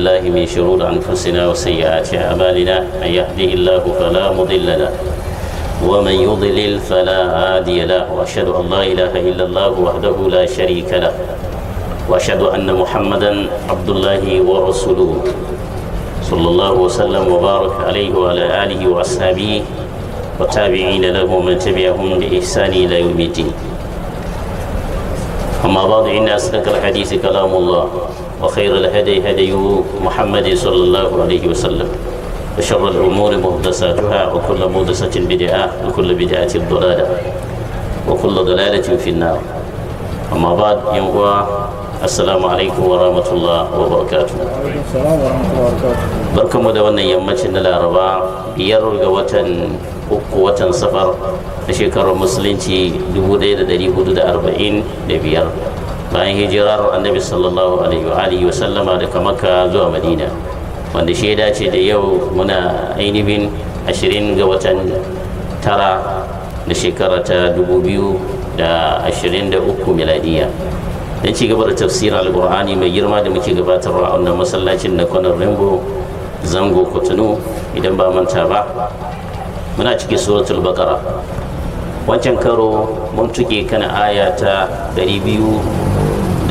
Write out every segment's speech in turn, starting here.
بالله من شرور أنفسنا وسيئات أعمالنا من يهده الله فلا مضل له ومن يضلل فلا هادي له وأشهد أن لا إله إلا الله وحده لا شريك له وأشهد أن محمدا عبد الله ورسوله صلى الله وسلم وبارك عليه وعلى آله وأصحابه وتابعين له ومن تبعهم بإحسان إلى يوم الدين أما بعد إن أصدق الحديث كلام الله وخير الهدي هدي محمد صلى الله عليه وسلم وشر الأمور محدثاتها وكل محدثة بدعة وكل بدعة ضلالة وكل ضلالة في النار أما بعد يوم assalamu alaikum wa rahmatullah wa barakatu barkanmu da wannan yammacin na laraba biyar ga watan uku watan safar na shekarar musulunci 1445 bayan hijirar annabi sallallahu alaihi wa sallama daga makka zuwa madina wanda shaida ce da yau muna ainihin 20 ga watan tara na shekara ta 2023 miladiya don ci gaba da tafsir alkur'ani mai girma da muke gabatarwa a wannan masallacin na kwanar rainbow zango kotunu idan ba manta ba muna cikin suratul bakara wancan karo mun tuke kan aya ta 249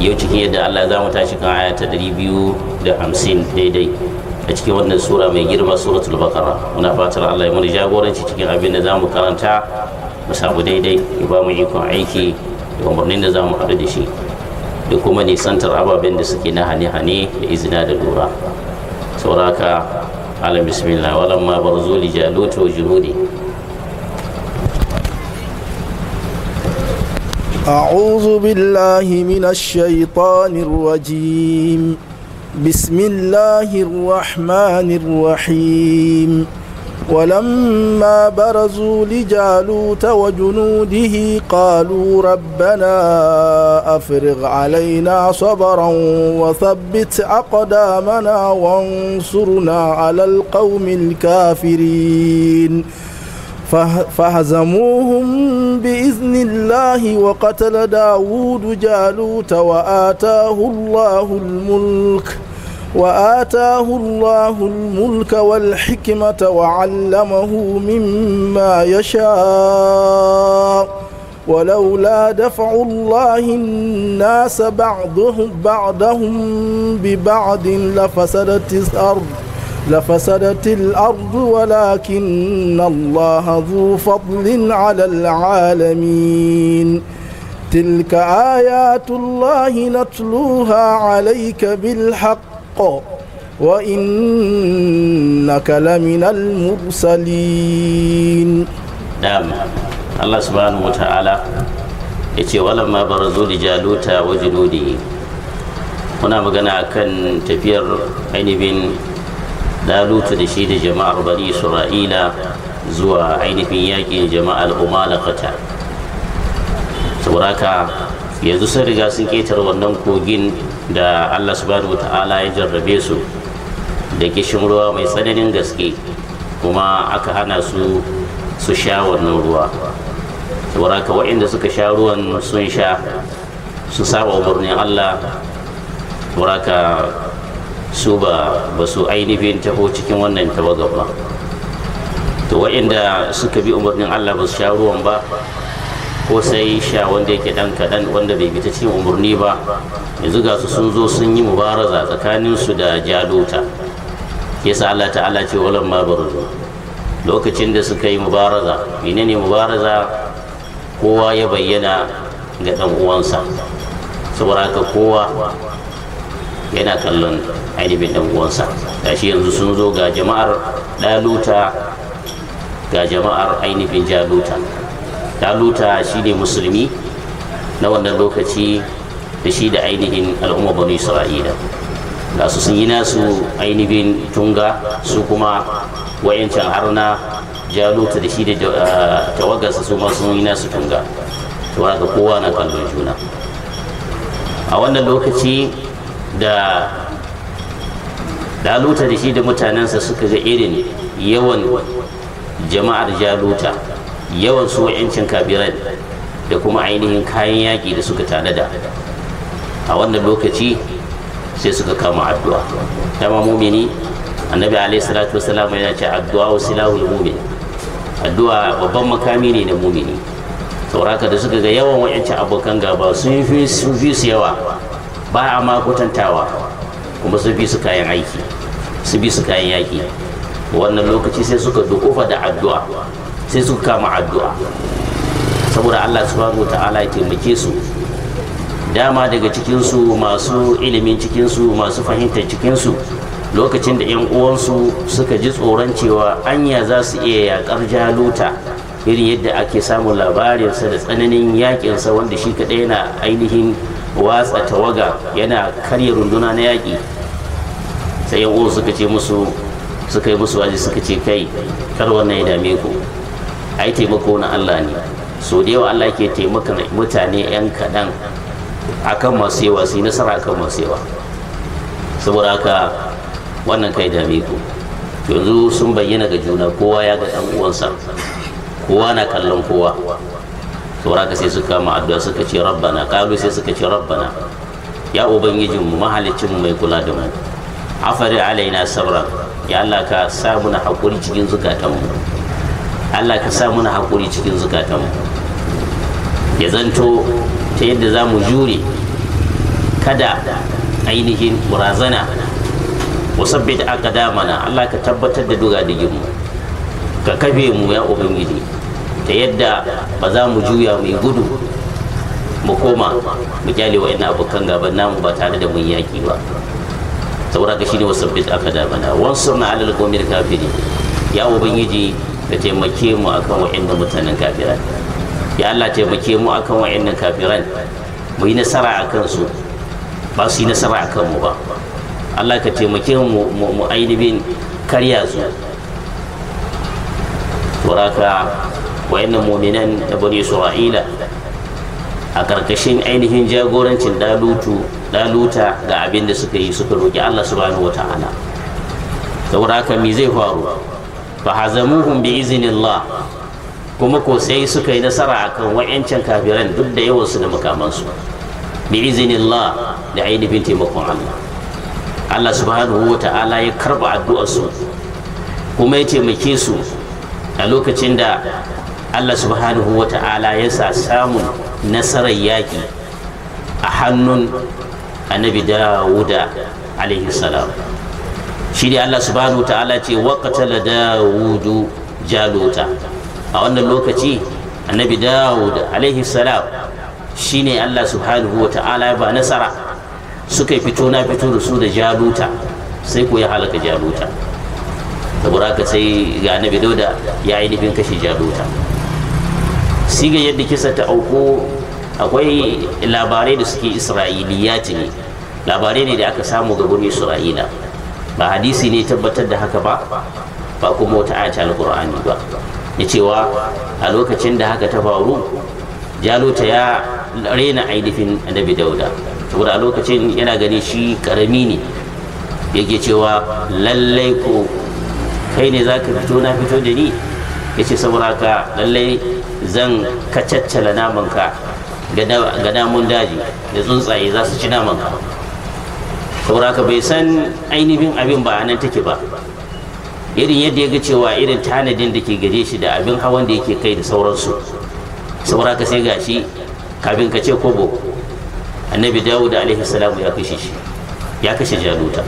yau cikin yadda allah za mu tashi kan aya ta 250 daidai a cikin wannan sura mai girma suratul bakara muna fatar allah ya mana jagoranci cikin abin da za mu karanta mu samu daidai ya ba mu ikon aiki da umarnin da za mu haɗu da shi da kuma nisantar ababen da suke na hane-hane da izina da lura sauraka ala bismillah walan ma barzo li jaluta wa juhudi أعوذ بالله من الشيطان الرجيم بسم الله الرحمن الرحيم ولما برزوا لجالوت وجنوده قالوا ربنا افرغ علينا صبرا وثبت اقدامنا وانصرنا على القوم الكافرين فهزموهم بإذن الله وقتل داود جالوت وآتاه الله الملك ۖ وآتاه الله الملك والحكمة وعلمه مما يشاء ولولا دفع الله الناس بعضهم بعضهم ببعض لفسدت الأرض لفسدت الأرض ولكن الله ذو فضل على العالمين تلك آيات الله نتلوها عليك بالحق الحق وإنك لمن المرسلين نعم الله سبحانه وتعالى yace walamma barazu li jaluta wa junudi muna magana a kan tafiyar ainihin daluta da shi da jama'ar bani isra'ila zuwa ainihin yakin jama'ar umalakata sauraka yanzu sun riga sun ketar wannan kogin da allah subhanahu ta'ala ya jarrabe su da kishin ruwa mai tsananin gaske kuma aka hana su su sha wannan ruwa saboda ka waɗanda suka sha ruwan sun sha su saba umarnin allah saboda ka su ba ba su ainihin taho cikin wannan tawagar ba to waɗanda suka bi umarnin allah ba su sha ruwan ba ko sai sha wanda yake dan kaɗan wanda bai bi ta cikin umarni ba yanzu ga su sun zo sun yi mubaraza tsakanin su da jalota yasa Allah ta'ala ce walan ma barzu lokacin da suka yi mubaraza menene mubaraza kowa ya bayyana ga dan uwansa saboda haka kowa yana kallon ainihin dan uwansa gashi yanzu sun zo ga jama'ar daluta ga jama'ar ainihin jaluta shi ne musulmi na wannan lokaci da shi da ainihin al'umma banu isra'ila ga su sun yi nasu ainihin tunga su kuma wayancan harna jaluta da shi da eh, tawagarsa su ma sun yi nasu tunga to haka kowa na kallon juna a wannan lokaci da daluta da shi da mutanensa suka ga irin yawan jama'ar jaluta yawan su wa'yancin kabiran da kuma ainihin kayan yaƙi da suka tanada a wannan lokaci sai suka kama addu'a dama mumini annabi alaihi salatu wasalam yana ce addu'a wa silahul mumin addu'a babban makami ne na mumini sauraka da suka ga yawan wa'yancin abokan gaba sun fi su yawa ba a ma kwatantawa kuma sun fi su kayan aiki su bi su kayan yaƙi wannan lokaci sai suka dukufa da addu'a sai suka kama addu'a saboda Allah subhanahu ta'ala ya taimake su dama daga cikinsu masu ilimin cikinsu masu fahimtar cikinsu lokacin da 'yan uwansu suka ji tsoron cewa anya za su iya yakar jaluta irin yadda ake samun labarinsa da tsananin yakinsa wanda shi kaɗai yana ainihin watsa tawaga yana karya runduna na yaƙi sai 'yan uwansu suka ce musu suka yi musu waje suka ce kai kar wannan ya dame ku ai taimako na Allah ne so da yawa Allah ke taimakon mutane 'yan kaɗan akan masu yawa su yi nasara akan masu yawa saboda haka wannan kai da ku yanzu sun bayyana ga juna kowa ya ga ɗan uwansa kowa na kallon kowa saboda haka sai suka ma addu'a suka ce rabbana kalu sai suka ce rabbana ya mu mahalicin mu mai kula da mu afari alaina sabra ya Allah ka sa na hakuri cikin zukatanmu Allah ka sa muna hakuri cikin zukatanmu ya zanto ta yadda za mu jure kada ainihin murazana dama na Allah ka tabbatar da duga diginmu ka kafe mu ya ubangiji ta yadda ba za mu juya mu gudu mu koma mu kyale wa ina abokan gaban namu ba tare da mun yaki ba saboda ka shi ne na wasabbit aqdamana wansurna alal qawmil ya ubangiji da taimake mu akan wa'annan mutanen kafiran ya Allah taimake mu akan wa'annan kafiran mu yi nasara a kansu ba su yi nasara a kanmu ba Allah ka taimake mu mu ainihin karya su turaka wa'annan muminan da bani isra'ila a ƙarƙashin ainihin jagorancin dalutu daluta ga abin da suka yi suka roƙi allah subhanahu wa ta'ala saboda me zai faru fa hazamuhum bi iznillah kuma ko sai suka yi nasara akan wa'yancan kafiran duk da yawansu da makamansu bi iznillah da ainihin taimakon Allah Allah subhanahu wa ta'ala ya karba addu'arsu kuma ya taimake su a lokacin da Allah subhanahu wa ta'ala ya sa samun nasarar yaƙi a hannun annabi dawuda alaihi salam shi ne Allah subhanahu wa ta'ala ce wa da dawudu jaluta a wannan lokaci annabi dawud alaihi salam shi ne Allah subhanahu wa ta'ala ba nasara suka fito na fito da su da jaluta sai ko ya halaka jaluta saboda ka sai ga annabi dauda ya yi nufin kashe jaluta siga yadda kisa ta auko akwai labarai da suke isra'iliyati ne labarai ne da aka samu ga gurin isra'ila ba hadisi ne tabbatar da haka ba ba kuma wata ayata alkur'ani ba ya cewa a lokacin da haka ta faru jaluta ya rena ainihin annabi dauda saboda a lokacin yana gani shi karami ne yake cewa lallai ko kai ne za ka fito na fito da ni ya ce saboda ka lallai zan kacaccala namanka ga namun daji da tsuntsaye za su ci namanka saboda bai san ainihin abin ba nan take ba irin yadda ya ga cewa irin tanadin da ke gare shi da abin hawan da yake kai da sauransu saboda ka sai gashi kafin ka ce kobo annabi dawud alaihi salamu ya kashe shi ya kashe jaluta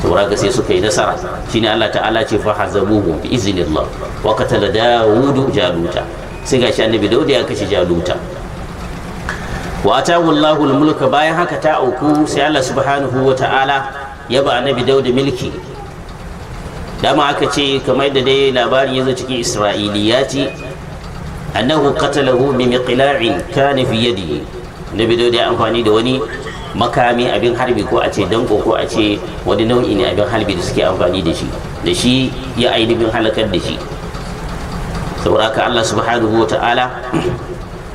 saboda ka sai suka yi nasara shine Allah ta'ala ce fa hazabuhu bi iznillah wa qatala dawud jaluta sai gashi annabi dawud ya kashe jaluta wa atahu Allahul mulka bayan haka ta auku sai Allah subhanahu wa ta'ala ya ba annabi Dawud milki dama aka ce kamar da dai labarin ya zo cikin Isra'iliyati annahu qatalahu bi miqla'in kana fi yadihi annabi Dawud ya amfani da wani makami abin harbi ko a ce danko ko a ce wani nau'i ne abin harbi da suke amfani da shi da shi ya ainihin halakar da shi saboda Allah subhanahu wa ta'ala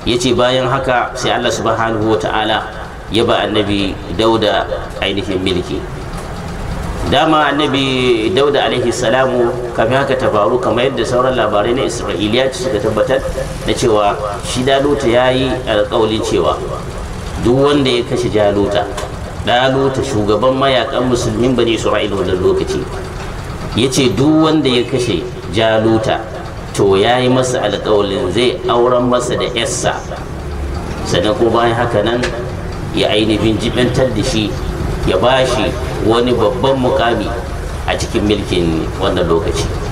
ya ce bayan haka sai Allah subhanahu ta'ala ya ba annabi dauda ainihin milki dama annabi dauda alaihi salamu kafin haka ta faru kamar yadda sauran labarai na isra'iliya suka tabbatar da cewa shi daluta ya yi alƙawalin cewa duk wanda ya kashe jaluta daluta shugaban mayakan musulmin bani isra'ila wannan lokaci ya ce duk wanda ya kashe jaluta to ya yi masa alkawalin zai auren masa da yarsa sannan ko bayan haka nan ya ainihin jibantar da shi ya bashi wani babban mukami a cikin milkin wannan lokaci